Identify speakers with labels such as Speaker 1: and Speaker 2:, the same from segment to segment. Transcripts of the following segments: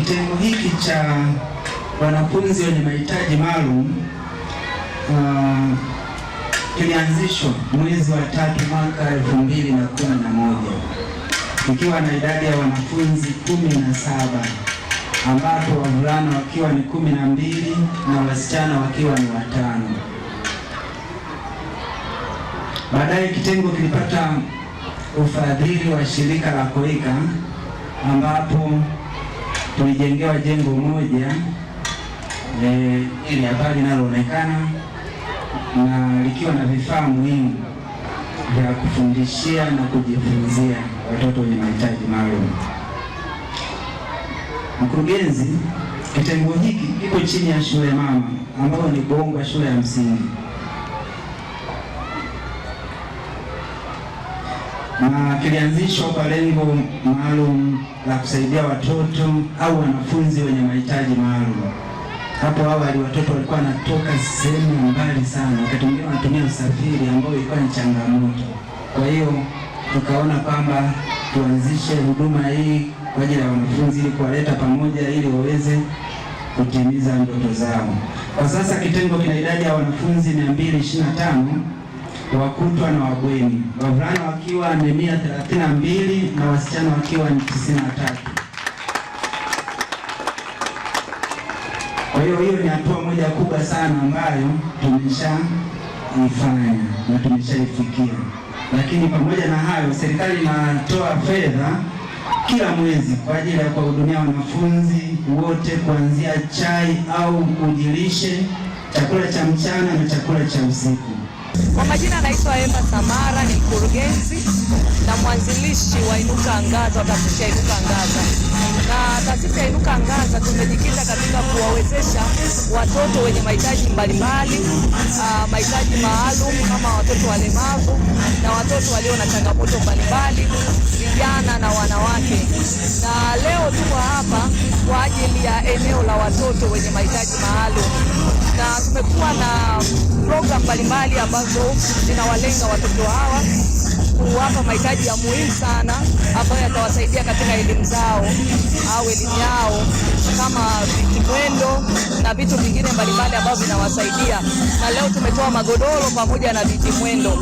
Speaker 1: Kitengo hiki cha wanafunzi wenye mahitaji maalum uh, kilianzishwa mwezi wa tatu mwaka elfu mbili na kumi na moja ikiwa na idadi ya wanafunzi kumi na saba ambapo wavulana wakiwa ni kumi na mbili na wasichana wakiwa ni watano. Baadaye kitengo kilipata ufadhili wa shirika la Koika ambapo tulijengewa jengo moja e, ili hapa linaloonekana na likiwa na vifaa muhimu vya kufundishia na kujifunzia watoto wenye mahitaji maalum. Mkurugenzi, kitengo hiki kiko chini ya shule mama ambayo ni bongwa shule ya msingi. kilianzishwa kwa lengo maalum la kusaidia watoto au wanafunzi wenye mahitaji maalum. Hapo awali watoto walikuwa wanatoka sehemu mbali sana, wakati mwingine wanatumia usafiri ambao ilikuwa ni changamoto. Kwa hiyo tukaona kwamba tuanzishe huduma hii kwa ajili ya wanafunzi ili kuwaleta pamoja ili waweze kutimiza ndoto zao. Kwa sasa kitengo kina idadi ya wanafunzi 225 wakutwa na wabweni, wavulana wakiwa ni mia thelathini na mbili na wasichana wakiwa ni tisini na tatu. Kwa hiyo hiyo ni hatua moja kubwa sana ambayo tumeshaifanya na tumeshaifikia, lakini pamoja na hayo, serikali inatoa fedha kila mwezi kwa ajili ya kuwahudumia wanafunzi wote kuanzia chai au ujilishe, chakula cha mchana na chakula cha usiku.
Speaker 2: Kwa majina anaitwa Emma Samara, ni mkurugenzi na mwanzilishi wa Inuka Angaza, taasisi ya Inuka Angaza. Na taasisi ya Inuka Angaza tumejikita katika kuwawezesha watoto wenye mahitaji mbalimbali, uh, mahitaji maalum kama watoto walemavu na watoto walio na changamoto mbalimbali, vijana na wanawake, na leo tuko ya eneo la watoto wenye mahitaji maalum, na tumekuwa na programu mbalimbali ambazo zinawalenga watoto hawa kuwapa mahitaji ya muhimu sana ambayo yatawasaidia katika elimu zao au elimu yao kama vitikwendo na vitu vingine mbalimbali ambavyo vinawasaidia. Na leo tumetoa magodoro pamoja na vitimwendo,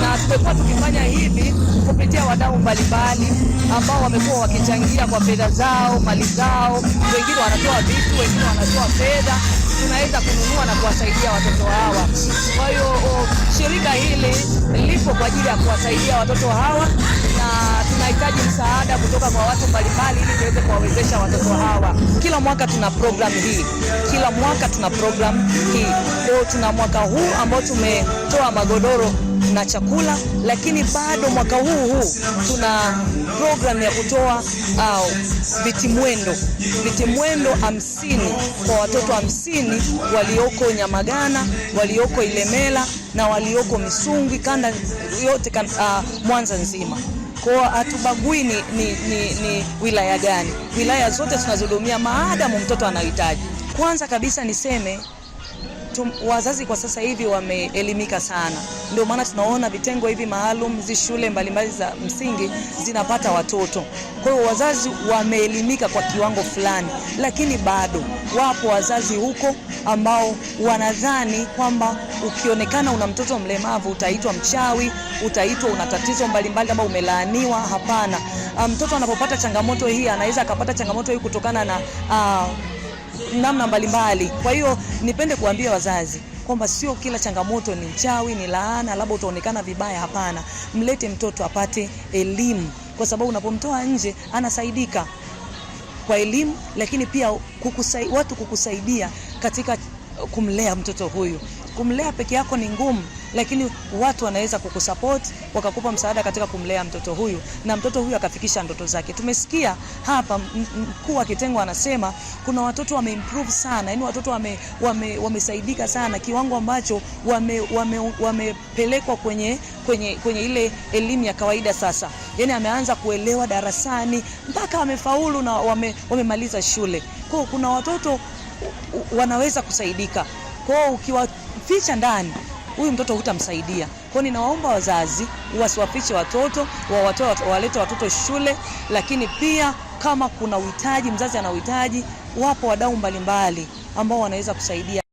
Speaker 2: na tumekuwa tukifanya hivi kupitia wadau mbalimbali ambao wamekuwa wakichangia kwa fedha zao, mali zao, wengine wanatoa vitu, wengine wanatoa fedha tunaweza kununua na kuwasaidia watoto hawa. Kwa hiyo oh, shirika hili lipo kwa ajili ya kuwasaidia watoto hawa, na tunahitaji msaada kutoka kwa watu mbalimbali ili tuweze kuwawezesha watoto hawa. Kila mwaka tuna program hii, kila mwaka tuna program hii. Leo tuna mwaka huu ambao tumetoa magodoro na chakula, lakini bado mwaka huu huu tuna program ya kutoa au vitimwendo vitimwendo hamsini kwa watoto hamsini walioko Nyamagana, walioko Ilemela na walioko Misungwi, kanda yote kan, uh, ah, Mwanza nzima kwa hatubagui ni, ni, ni, ni wilaya gani, wilaya zote tunazihudumia maadamu mtoto anahitaji. Kwanza kabisa niseme tum, wazazi kwa sasa hivi wameelimika sana, ndio maana tunaona vitengo hivi maalum zi shule mbalimbali za msingi zinapata watoto. Kwa hiyo wazazi wameelimika kwa kiwango fulani, lakini bado wapo wazazi huko ambao wanadhani kwamba ukionekana una mtoto mlemavu utaitwa mchawi, utaitwa una tatizo mbalimbali ama umelaaniwa. Hapana, ah, mtoto anapopata changamoto hii anaweza akapata changamoto hii kutokana na uh, namna mbalimbali. Kwa hiyo nipende kuambia wazazi kwamba sio kila changamoto ni mchawi, ni laana, labda utaonekana vibaya. Hapana, mlete mtoto apate elimu, kwa sababu unapomtoa nje anasaidika kwa elimu, lakini pia kukusai, watu kukusaidia katika kumlea mtoto huyu. Kumlea peke yako ni ngumu, lakini watu wanaweza kukusupport wakakupa msaada katika kumlea mtoto huyu na mtoto huyu akafikisha ndoto zake. Tumesikia hapa mkuu wa kitengo anasema kuna watoto wameimprove sana, yani watoto wame, wame, wamesaidika sana kiwango ambacho wamepelekwa wame, wame kwenye, kwenye, kwenye ile elimu ya kawaida sasa, yani ameanza kuelewa darasani mpaka wamefaulu na wamemaliza wame shule. Kwa kuna watoto wanaweza kusaidika. Kwa hiyo ukiwaficha ndani huyu mtoto hutamsaidia. Kwa ninawaomba wazazi wasiwafiche watoto, wawatoe walete watoto shule, lakini pia kama kuna uhitaji, mzazi ana uhitaji, wapo wadau mbalimbali ambao wanaweza kusaidia.